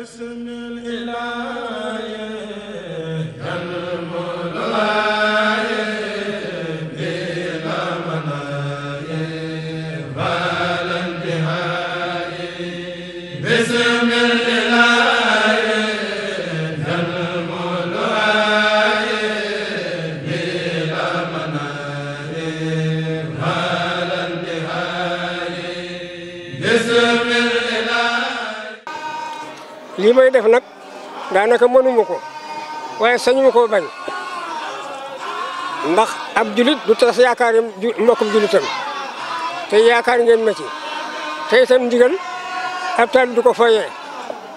باسم الإله lii may def nag daanaka mënuma ko waaye sañuma ko bañ ndax ab julit du tas yaakaar mbokkum julitam te yaakaar ngeen ma ci te itam ndigal ab taal du ko fayee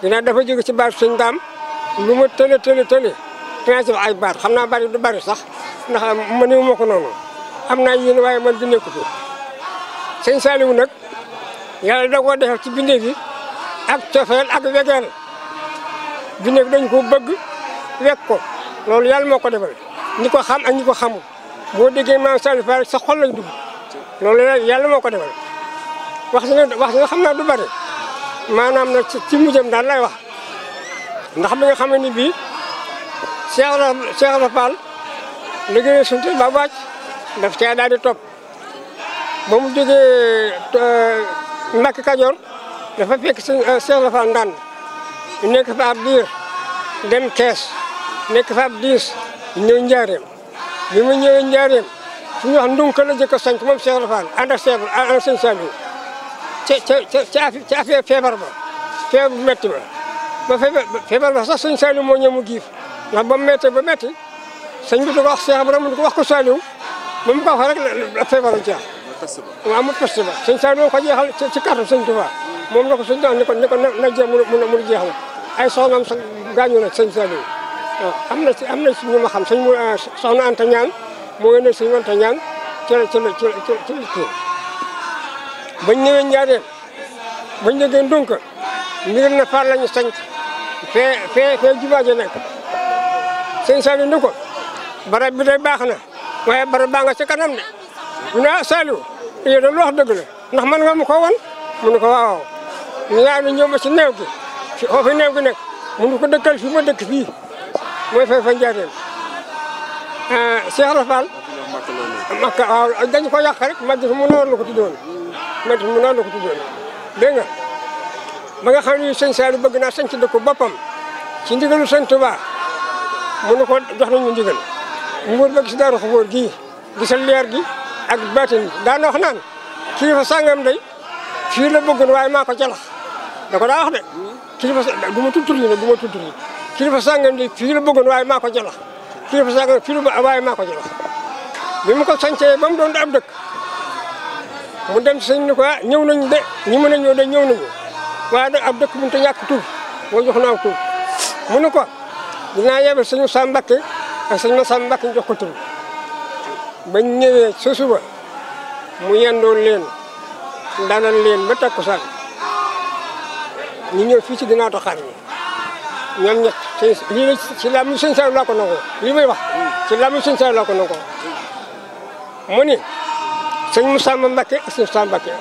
dinaa dafa jóge ci baatu suñ daam lu ma tële tële tële dinaa ci ay baat xam naa bari du bari sax ndax mënuma ko noonu am naa yéen waaye man di nekku fi sëñ nag yàlla da koo defal ci bindee bi ak cofeel ak wegeel junne bi dañ ko bëgg wekk ko loolu yàlla moo ko defal ñi ko xam ak ñi ko xamul boo déggee maam Saliou sa xol lañ dugg loolu yàlla moo ko defal wax na wax na xam naa du bëri maanaam nag ci mujjam daal lay wax ndax bi nga xam ni bii Cheikh la Cheikh la Fall su suñu ba wàcc daf daal di topp ba mu jógee euh, Mbacke Kajoor dafa fekk euh, Cheikh la Fall nekk fa ab diir dem kees nekk fa ab diis ñëw njaareem bi mu ñëwee njaareem fu ñuy wax ndunka la jëkk a sanc moom Cheikh Alfane ànd ak Cheikh ànd ak sëñ Saliou ca ca ca ca affaire feebar ba feebar bu métti ba ba feebar ba sax sëñ Saliou moo ñëw mu giif ndax ba mu méttee ba métti sëñ bi da ko wax Cheikh Ibrahima da ko wax ko Saliou ba mu ko wax rek la feebar bu jeex. amul peste ba amul peste ba sëñ Saliou ko jeexal ci ci kàttu sëñ Tuubaa moom la ko suñu daan ne ko ne ko na jeex mu jeexal ay soxnaam sax gaañu na sëñ Saliou waaw am na si am na si ñu ma xam sëñ ah, soxna Anta Ñaan moo yónnee sëñ la ci la ci la ci la kii bañ ñëwee Njaaréem bañ jógee Ndunka mbir na faar lañu sanc fee fee fee jubaa bi day baax na waaye barab baa nga ci kanam de ñu ne ah Saliou yow de lu wax dëgg la ndax man nga mu ko wan mu ne ko waaw ñu yaanu ñëw ba si néew gi si foofu néew gi nag mënu ko dëkkal fi ma dëkk fii mooy fay fa njaateen ah, Cheikh Rafal Makka waaw dañu ko yàq rek Madina mu noor la ko tuddoon Madina mu noor la ko tuddoon dégg nga ba nga xam ne sëñ bëgg naa sañ ci dëkku boppam ci ndigalu sëñ Touba mu ne ko jox nañu ndigal nguur ba gis daaru xubóor gii gisal leer gi ak baatin daana wax naan kilifa sàngam day fii la bëggoon waaye maa ko jalax da ko daa wax de kilifa du ma tudd tur yi nag du ma tudd tur yi kilifa sàngam di fii la bëggoon waaye maa ko jalax kilifa sàngam fii la waaye maa ko jalax bi mu ko sancee ba mu doon ab dëkk mu dem sëñ ni ko ah, ñëw nañu de ñi mën a ñëw de ñëw nañu waaye de ab dëkk mënut a ñàkk tur boo jox naaw tur mu ne ko dinaa yebal sëñu Sam Mbakke ak sëñ ma Sam Mbakke jox ko tur bañ ñëwee sa suba mu yendoo leen danan leen ba takkusaan ñu ñëw fii ci ginnaaw taxaar yi ñoom ñett lii la ci laamu sëñ Saliou laa ko nangoo lii may wax ci laamu sëñ Saliou laa ko nangoo mu ni sëñ Moussa Mbacké ak sëñ Moussa Mbacké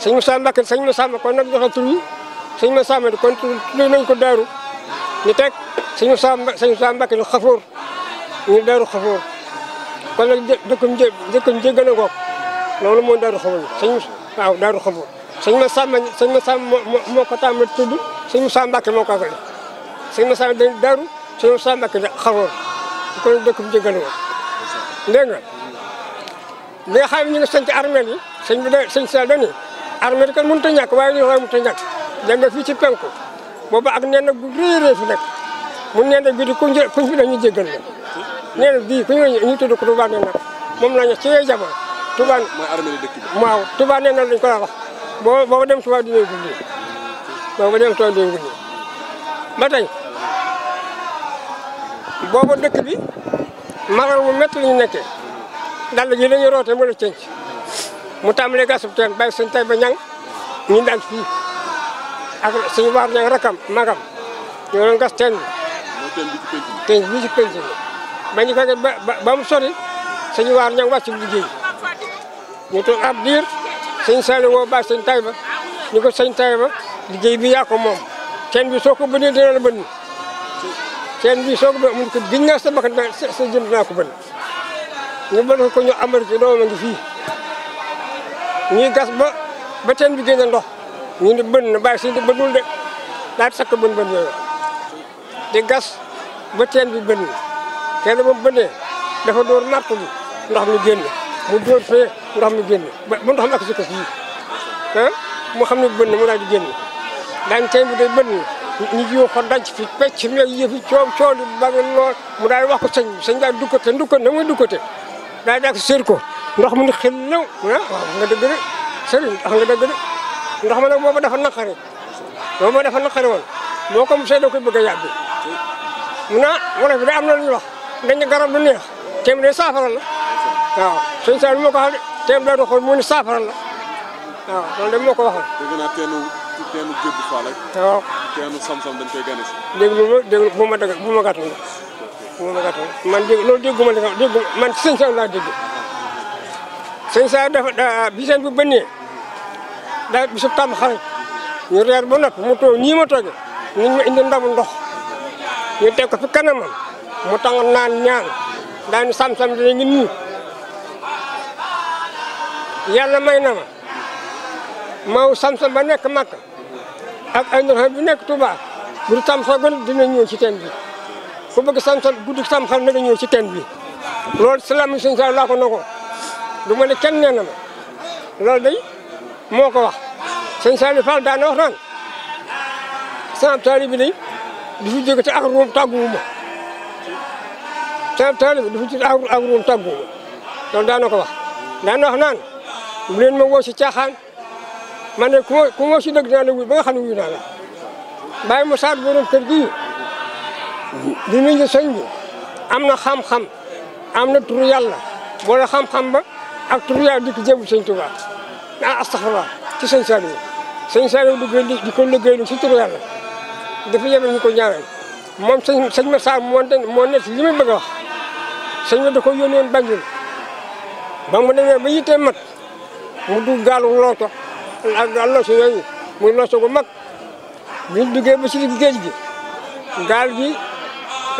sëñ Moussa Mbacké sëñ Moussa Mbacké kon nag joxe tur yi sëñ Moussa Mbacké kon tudd nañ ko daaru ñu teg sëñ Moussa sëñ Moussa Mbacké ñu xafoor ñu daaru xafoor kon nag dëkkum jé dëkkum jéggal a ngoog loolu mooy daaru xabul sëñ waaw daaru xabul sëñ ma sàmm sëñ ma sàmm moo ko tàmm tudd sëñ ma sàmm Mbàkke moo ko akale sëñ ma sàmm dañ daaru sëñ ma sàmm Mbàkke xaroon kon dëkk bi jégal woon dégg nga li nga xam ne ñu ngi sanc armeel yi sëñ bi da sëñ sal dani armeel kan mënut a ñàkk waaye li waaye mënut a ñàkk dem nga fii ci penku boobu ak nee na gu réerée fi nekk mu nee na bii di kuñ kuñ fi dañu jégal la nee na bii kuñ ñu tudd ko du baax ne nag moom la ñu ci yee jamono Touba mooy armée dëkk bi waaw Touba nee na lañ ko la wax boo boo dem Touba dinañ ko ji boo ko dem Touba dinañ ko ji ba tey boobu dëkk bi maraw mu métti la ñu nekkee dal ji la ñu roote mu la cënc mu tàmbalee gasub teen bàyyi suñ ba ñang ñu dal fii ak suñu waar ñang rakam magam ñoo doon gas teen bi teen bi ci bi ba ñu ko ba mu sori suñu waar ñang wàcc liggéey ñu toog ab diir sëñ Saliou woo baax sëñ Taïba ñu ko sëñ Taïba liggéey bi yaa ko moom teen bi soo ko bënnee dina la bënn teen bi soo ko bënnee mun ko giñ naa sa bakkan sa jëm naa ko bënn ñu bëgg ko ñu amal ci doom ngi fii ñuy gas ba ba teen bi génne ndox ñu ne bënn na bàyyi si ne bënnul de daal sakk bën bën di gas ba teen bi bënn teen ba mu bënnee dafa door napp bi ndox mi génn mu dóor fee mu xam ne génn ba mu xam ak si kës yii mu xam ne bënn mu daal di génn daañu tey bu dee bënn ñu jiw ko danc fi pecc mi ak yëfi coow coow li ba nga lool mu daal wax ko sëñ bi sëñ daal duggate duggate na muy duggate daal di ak sër ko ndox mu ni xel lew ah wax nga de sëriñ wax nga dëgg de ndox ma nag booba dafa naqare booba dafa naqare woon boo ko mosee da koy bëgg a yàbbi mu naa ah, wala am na lu ñuy wax dañu garab lu neex te mu dee saafara la waaw suñu saa yi moo ko xam mu ne saafara la waaw loolu de moo ko waxoon. dégg naa teenu teenu dañ koy gane si. dégg lu ma man dégg loolu dégguma man sëñ saa laa dégg sëñ saa dafa daa biseen daa bisu tàmm xarit ñu reer ba noppi mu toog nii ma toogee ñu ma indi ndamu ndox ñu teg ko fi kanamam mu tàng naan ñaan daañu Samsam dinañ ngi nii. yàlla may na ma maw samson ba nekk Makka ak ay ndox bu nekk Touba bu du tam sagon dina ñëw ci teen bi ku bëgg samson guddi sam xar na nga ñëw ci teen bi loolu salaam suñu saa laa ko na ko du kenn nee na ma loolu day moo ko wax sëñ Saliou Fall daana wax naan sama taalibe bi day du fi jóge te ak ruum ta sama taalibe bi du fi jóge ak ruum tàgguwuma loolu daana ko bu leen ma woo si caaxaan man ne ku ma ku ma si dëgg naa la wuy ba nga xam ne wuy naa la bàyyi ma saat borom kër gii di nuyu ñu am na xam-xam am na turu yàlla boole xam-xam ba ak turu yàlla di ko jébu sëñ Tuubaa ah astaxfirullah ci sëñ Saliou sëñ Saliou di di ko liggéeylu si turu yàlla dafa yebal ñu ko ñaanal moom sëñ sëñ ma saar moo ne moo ne li muy bëgg a wax sëñ ma da ko yónni woon Banjul ba mu demee ba yittee mat mu dugg gaalu looto ak gaal yooyu muy loso gu mag bi ñu duggee ba si géej gi gaal gi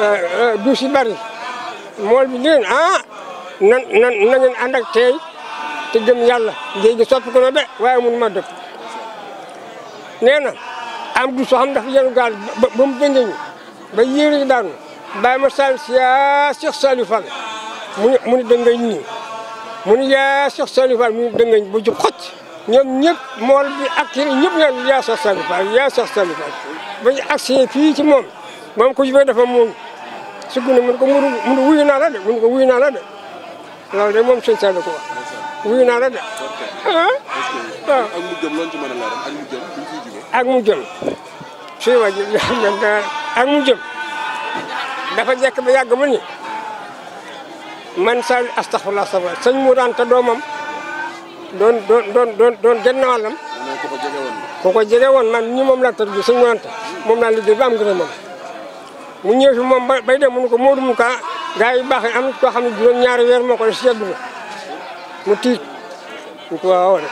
eh, eh, du si bari mool bi ngeen ah nan nan na ngeen ànd ak tey te gëm yàlla géej gi soppi ko na de waaye mun ma dëpp nee na am du soo xam dafa yenu gaal ba mu dënge ba yéeri daanu bàyyi ma sal sia ah, Cheikh Saliou Fall mu mu ni dëngay mu ni yaa Cheikh Saliou Fall mu dëngañ bu jub xocc mool bi ak yéen ñëpp ñaan yaa Cheikh Saliou Fall yaa Cheikh Saliou Fall ba ñu fii ci moom moom ku jubee dafa muun sugg na mun ko munu munu wuyu naa la de mun ko wuyu naa la de de moom sëñ Saliou ko wax wuyu naa la de ah, ak mu jëm loolu a leeral ak mu jëm ak mu jëm suy wàññi dafa jekk ba yàgg mu man saa yu astaxfirullah astaxfirullah sëñ mu daan doomam doon doon doon doon doon gën ko woon. ko jege woon man ñi moom laa tëdd sëñ mu daan moom laa liggéey ba am gën mu ñëw fi moom bay ko Modou mu kaa gars am na xam ñaari weer moo ko def si mu tiit mu ko waawoon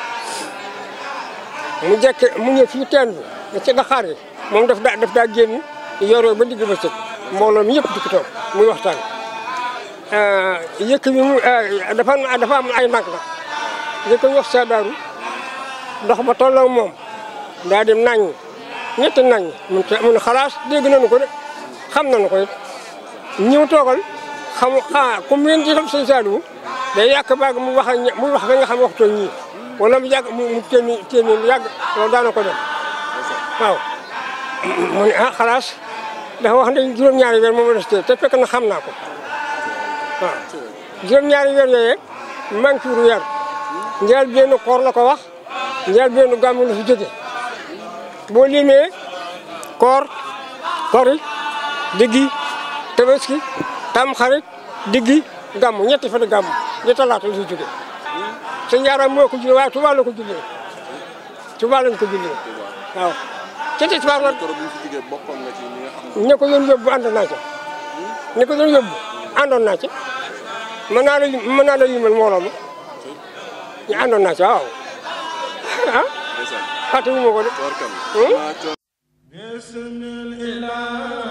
ci daxaar yi moom daf daa daf daa génn ba digg ba sëg mbooloo mi yëpp di ko toog muy waxtaan. Euh, yëkk bi mu euh, dafa dafa am ay mag la yëkk bi wax saa daaru ndox moom daa nañ naññ ñetti naññ mun te mun xalaas dégg nañu ko de xam nañu ko it ñëw toogal xam ah comme yéen ci xam sëñ Saliou day yàq baag mu wax mu wax ba nga xam waxtoo ñii wala mu yàgg mu téen téen mu yàgg loolu daana ko def waaw mu ne ah xalaas dafa wax ne juróom-ñaari weer moom la des te fekk na xam naa ko waaw ñaar ñaari weer yooyu man ci weer njël benn koor la ko wax njël benn gàmmu la fi jóge boo limee koor kori diggi tabaski tam xarit diggi gàmmu ñetti fan gàmmu ñetti talaata la fi jóge sa njaaram moo ko jullee waaye Tuubaa la ko jullee Tuubaa lañ ko jullee waaw ca tisbaar la ne ko doon yóbbu ànd andoon naa ci mën naa la mën naa la limal mbooloo ma ñu àndoon naa ci waaw ah ko de